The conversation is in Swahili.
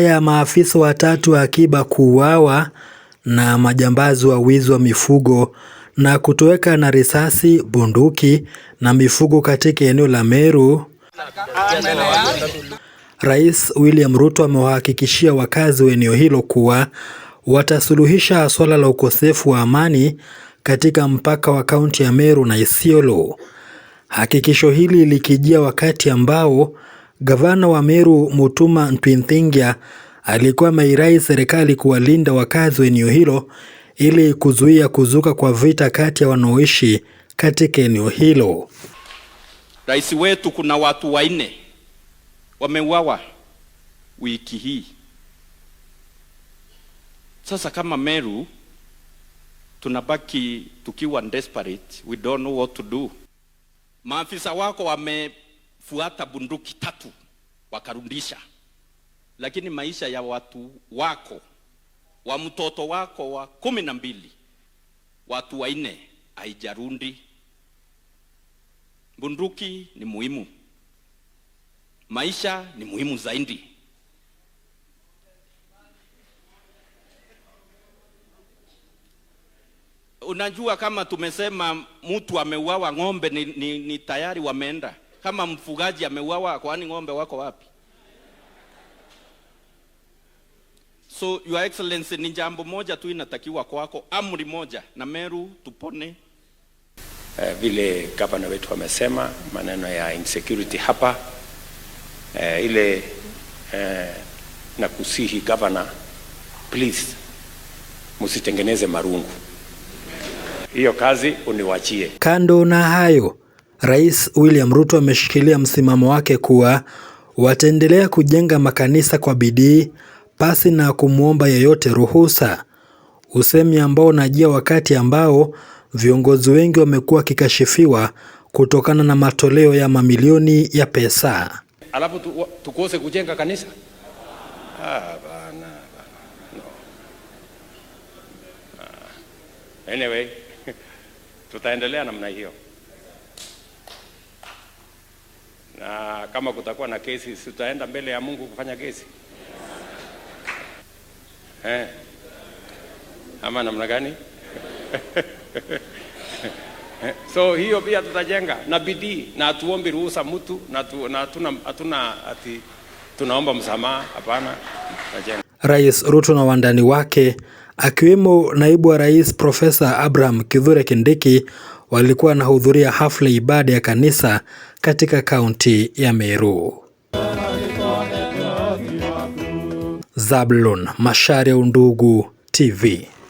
ya maafisa watatu wa akiba kuuawa na majambazi wa wizi wa mifugo na kutoweka na risasi, bunduki na mifugo katika eneo la Meru. Rais William Ruto amewahakikishia wakazi wa eneo hilo kuwa watasuluhisha swala la ukosefu wa amani katika mpaka wa kaunti ya Meru na Isiolo. Hakikisho hili likijia wakati ambao Gavana wa Meru Mutuma Ntwinthingia alikuwa ameirai serikali kuwalinda wakazi wa eneo hilo ili kuzuia kuzuka kwa vita kati ya wanaoishi katika eneo hilo. Rais wetu, kuna watu wanne wameuawa wiki hii. Sasa kama Meru tunabaki tukiwa desperate, we don't know what to do. Maafisa wako wame fuata bunduki tatu, wakarudisha. Lakini maisha ya watu wako wa mtoto wako wa kumi na mbili watu wanne haijarundi. Bunduki ni muhimu, maisha ni muhimu zaidi. Unajua, kama tumesema mtu ameuawa ng'ombe ni, ni, ni tayari wameenda kama mfugaji ameuawa, kwani ng'ombe wako wapi? So your excellency, ni jambo moja tu inatakiwa kwako, amri moja, na Meru tupone. Uh, vile gavana wetu wamesema maneno ya insecurity hapa uh, ile uh, eh, na kusihi gavana, please msitengeneze marungu, hiyo kazi uniwachie. Kando na hayo Rais William Ruto ameshikilia msimamo wake kuwa wataendelea kujenga makanisa kwa bidii pasi na kumwomba yeyote ruhusa, usemi ambao unajia wakati ambao viongozi wengi wamekuwa wakikashifiwa kutokana na matoleo ya mamilioni ya pesa. Alafu tu, tukose kujenga kanisa ah, bana, bana. No. Ah. Anyway, tutaendelea namna hiyo. kama kutakuwa na kesi, tutaenda mbele ya Mungu kufanya kesi eh? Ama namna gani? So hiyo pia tutajenga na bidii, na hatuombi ruhusa mtu na hatuna ati tunaomba msamaha, hapana, tutajenga. Rais Ruto na wandani wake akiwemo naibu wa rais Profesa Abraham Kithure Kindiki walikuwa wanahudhuria hafla ibada ya kanisa katika kaunti ya Meru. Zablon Mashare, Undugu TV.